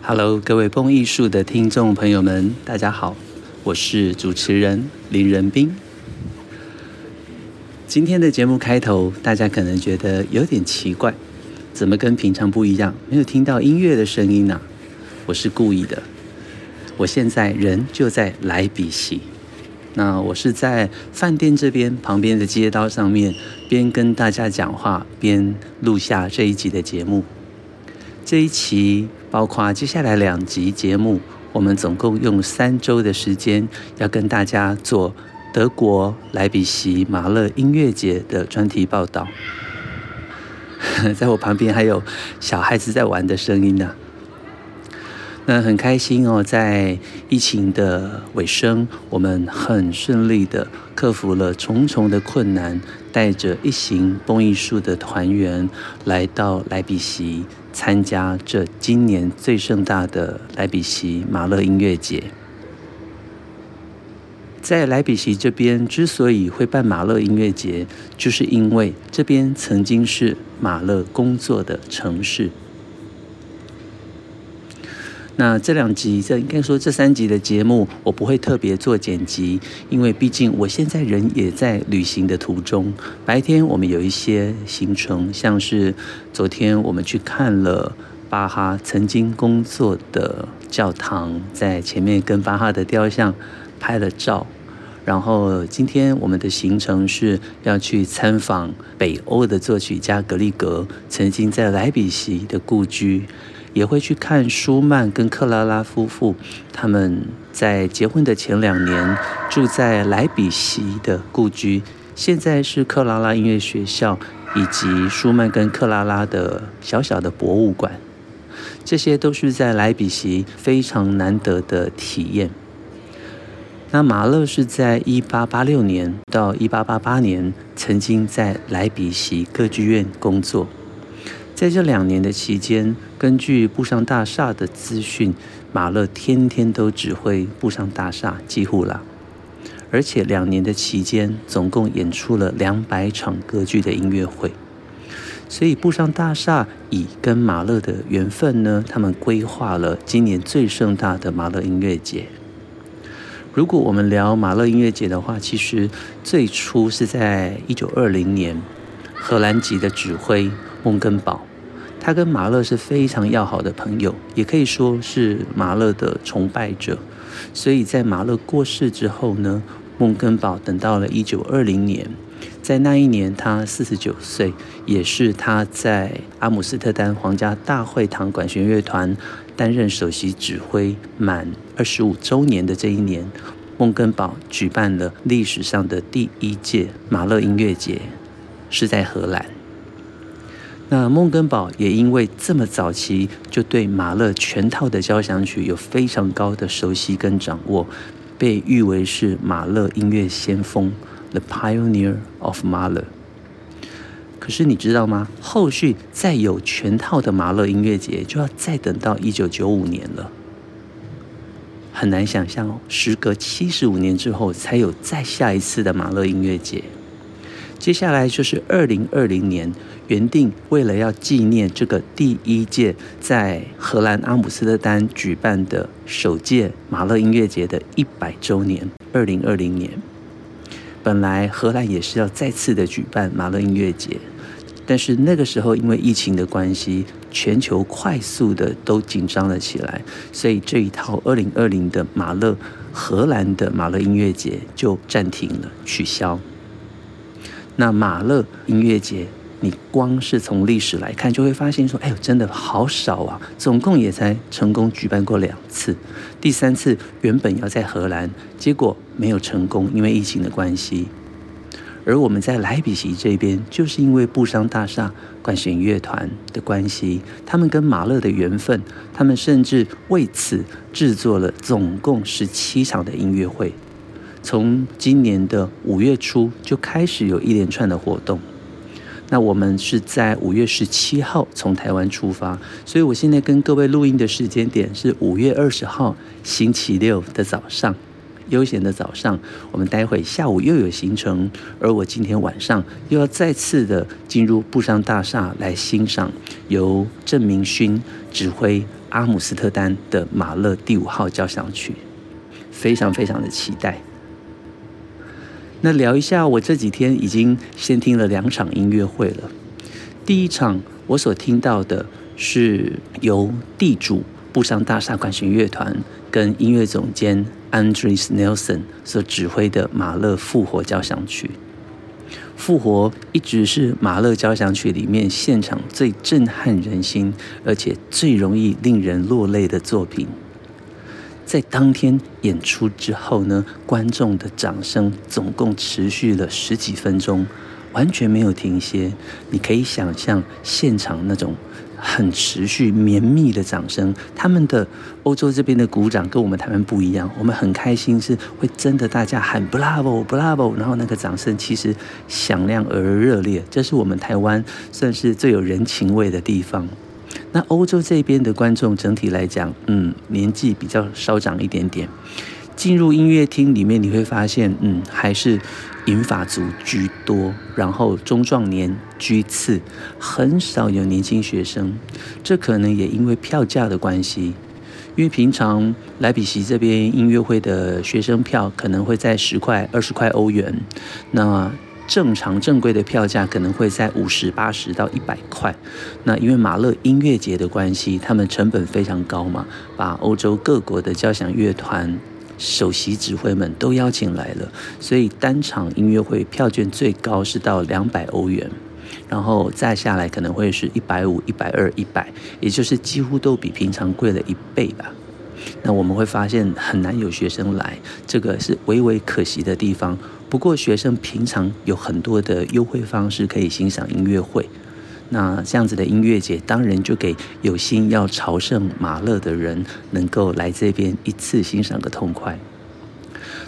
Hello，各位蹦藝術的聽眾朋友們，大家好，我是主持人林仁斌。今天的節目開頭，大家可能覺得有點奇怪，怎麼跟平常不一樣？沒有聽到音樂的聲音呢、啊？我是故意的。我現在人就在萊比錫，那我是在飯店這邊旁邊的街道上面，邊跟大家講話，邊錄下這一集的節目。這一期。包括接下來兩集節目，我們總共用三周的時間，要跟大家做德國萊比錫馬勒音樂節的專題報道。 在我旁邊還有小孩子在玩的聲音呢、啊。那很開心哦，在疫情的尾聲，我們很順利的克服了重重的困難，帶着一行蹦藝術的團員來到萊比錫，參加這今年最盛大的萊比錫馬勒音樂節。在萊比錫這邊之所以會辦馬勒音樂節，就是因為這邊曾經是馬勒工作的城市。那這兩集，這應該說這三集的節目，我不會特別做剪輯，因為畢竟我現在人也在旅行的途中。白天我們有一些行程，像是昨天我們去看了巴哈曾經工作的教堂，在前面跟巴哈的雕像拍了照，然後今天我們的行程是要去參訪北歐的作曲家格里格曾經在萊比錫的故居。也會去看舒曼跟克拉拉夫婦，他們在結婚的前兩年住在萊比錫的故居，現在是克拉拉音樂學校以及舒曼跟克拉拉的小小的博物館，這些都是在萊比錫非常難得的體驗。那馬勒是在一八八六年到一八八八年曾經在萊比錫歌劇院工作。在這兩年的期間，根據布商大廈的資訊，馬勒天天都指揮布商大廈，幾乎了。而且兩年的期間，總共演出了兩百場歌劇的音樂會。所以布商大廈以跟馬勒的緣分呢，他們規劃了今年最盛大的馬勒音樂節。如果我們聊馬勒音樂節的話，其實最初是在一九二零年，荷蘭籍的指揮孟根堡。他跟馬勒是非常要好的朋友，也可以說是馬勒的崇拜者。所以在馬勒過世之後呢，孟根堡等到了1920年，在那一年他49歲，也是他在阿姆斯特丹皇家大會堂管弦樂團擔任首席指揮滿25週年的這一年，孟根堡舉辦了歷史上的第一屆馬勒音樂節，是在荷蘭。那孟根堡也因為這麼早期就對馬勒全套的交響曲有非常高的熟悉跟掌握，被譽為是馬勒音樂先鋒 （The Pioneer of Mahler）。可是你知道嗎？後續再有全套的馬勒音樂節，就要再等到一九九五年了。很難想象哦，時隔七十五年之後，才有再下一次的馬勒音樂節。接下來就是二零二零年原定為了要紀念這個第一屆在荷蘭阿姆斯特丹舉辦的首屆馬勒音樂節的一百周年，二零二零年本來荷蘭也是要再次的舉辦馬勒音樂節，但是那個時候因為疫情的關係，全球快速的都緊張了起來，所以這一套二零二零的馬勒荷蘭的馬勒音樂節就暫停了，取消。那馬勒音樂節，你光是從歷史來看，就會發現說，哎呦，真的好少啊，總共也才成功舉辦過兩次。第三次原本要在荷蘭，結果沒有成功，因為疫情的關係。而我們在萊比錫這邊，就是因為布商大廈管弦樂團的關係，他們跟馬勒的緣分，他們甚至為此製作了總共十七場的音樂會。從今年的五月初就開始有一連串的活動，那我們是在五月十七號從台灣出發，所以我現在跟各位錄音的時間點是五月二十號星期六的早上，悠閒的早上，我們待會下午又有行程，而我今天晚上又要再次的進入布商大廈來欣賞由鄭明勳指揮阿姆斯特丹的馬勒第五號交響曲，非常非常的期待。那聊一下，我這幾天已經先聽了兩場音樂會了。第一場我所聽到的是由地主布商大廈管弦樂團跟音樂總監 Andris Nelsons 所指揮的馬勒《復活》交響曲。復活一直是馬勒交響曲裡面現場最震撼人心，而且最容易令人落淚的作品。在當天演出之後呢，觀眾的掌聲總共持續了十幾分鐘，完全沒有停歇。你可以想象現場那種很持續綿密的掌聲。他們的歐洲這邊的鼓掌跟我們台灣不一樣，我們很開心是會真的大家喊 Bravo Bravo，然後那個掌聲其實響亮而熱烈。這是我們台灣算是最有人情味的地方。那歐洲這邊的觀眾整體來講，嗯，年紀比較稍長一點點。進入音樂廳裡面，你會發現，嗯，還是銀髮族居多，然後中壯年居次，很少有年輕學生。這可能也因為票價的關係，因為平常萊比錫這邊音樂會的學生票可能會在十塊、二十塊歐元，那，正常正規的票價可能會在五十、八十到一百塊。那因為馬勒音樂節的關係，他們成本非常高嘛，把歐洲各國的交響樂團首席指揮們都邀請來了，所以單場音樂會票券最高是到兩百歐元，然後再下來可能會是一百五、一百二、一百，也就是幾乎都比平常貴了一倍吧。那我們會發現很難有學生來，這個是唯唯可惜的地方。不過學生平常有很多的優惠方式可以欣賞音樂會。那這樣子的音樂節，當然就給有心要朝聖馬勒的人能夠來這邊一次欣賞個痛快。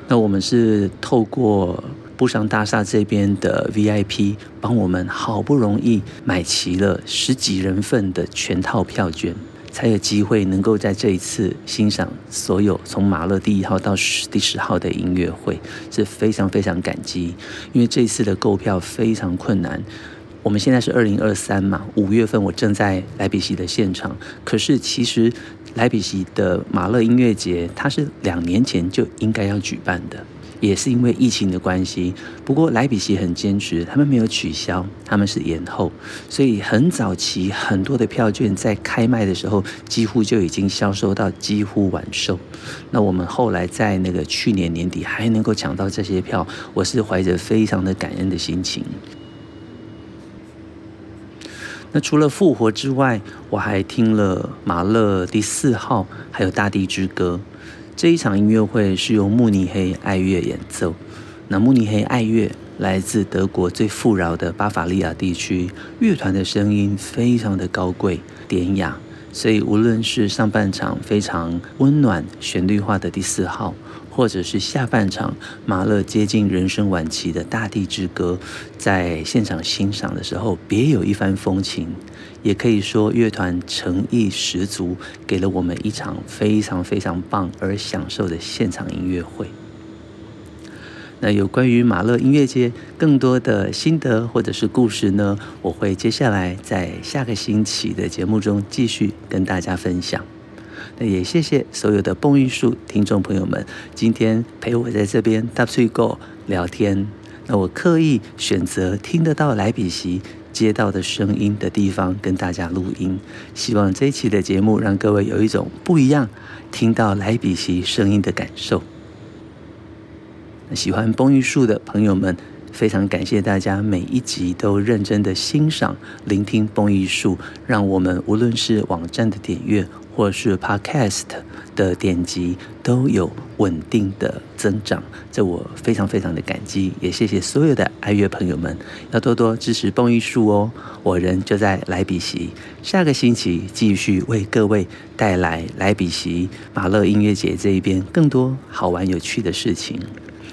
那我們是透過布商大廈這邊的 VIP，幫我們好不容易買齊了十幾人份的全套票券，才有機會能夠在這一次欣賞所有從馬勒第一號到十第十號的音樂會，是非常非常感激。因為這次的購票非常困難，我們現在是二零二三嘛，五月份我正在萊比錫的現場，可是其實萊比錫的馬勒音樂節它是兩年前就應該要舉辦的。也是因為疫情的關係，不過萊比錫很堅持，他們沒有取消，他們是延後，所以很早期很多的票券在開賣的時候，幾乎就已經銷售到幾乎完售。那我們後來在那個去年年底還能夠搶到這些票，我是懷着非常的感恩的心情。那除了復活之外，我還聽了馬勒第四號，還有大地之歌。這一場音樂會是由慕尼黑愛樂演奏。那慕尼黑愛樂來自德國最富饒的巴伐利亞地區，樂團的聲音非常的高貴典雅，所以無論是上半場非常溫暖旋律化的第四號，或者是下半場馬勒接近人生晚期的《大地之歌》，在現場欣賞的時候別有一番風情，也可以說樂團誠意十足，給了我們一場非常非常棒而享受的現場音樂會。那有關於馬勒音樂節更多的心得或者是故事呢，我會接下來在下個星期的節目中繼續跟大家分享。那也謝謝所有的蹦藝術聽眾朋友們，今天陪我在這邊搭車過聊天。那我刻意選擇聽得到萊比錫街道的聲音的地方跟大家錄音，希望這一期的節目讓各位有一種不一樣聽到萊比錫聲音的感受。喜歡蹦藝術的朋友們。非常感謝大家每一集都認真的欣賞、聆聽《蹦藝術》，讓我們無論是網站的點閱，或是 Podcast 的點擊，都有穩定的增長。這我非常非常的感激，也謝謝所有的愛樂朋友們，要多多支持《蹦藝術》哦。我人就在萊比錫，下個星期繼續為各位帶來萊比錫馬勒音樂節這一邊更多好玩有趣的事情。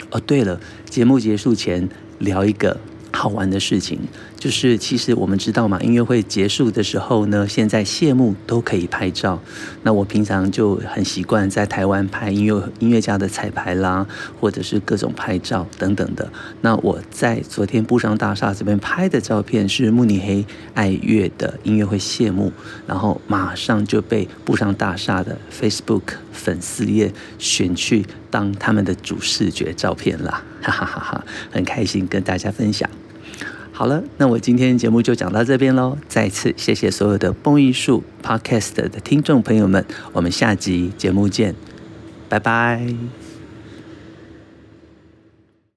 哦，對了，節目結束前，聊一個好玩的事情。就是其實我們知道嘛，音樂會結束的時候呢，現在謝幕都可以拍照。那我平常就很習慣在台灣拍音樂音樂家的綵排啦，或者是各種拍照等等的。那我在昨天布商大廈這邊拍的照片是慕尼黑愛樂的音樂會謝幕，然後馬上就被布商大廈的 Facebook 粉絲頁選去當他們的主視覺照片啦，哈哈哈哈，很開心跟大家分享。好了，那我今天節目就講到這邊嘍。再次謝謝所有的《蹦藝術》Podcast 的聽眾朋友們，我們下集節目見，拜拜。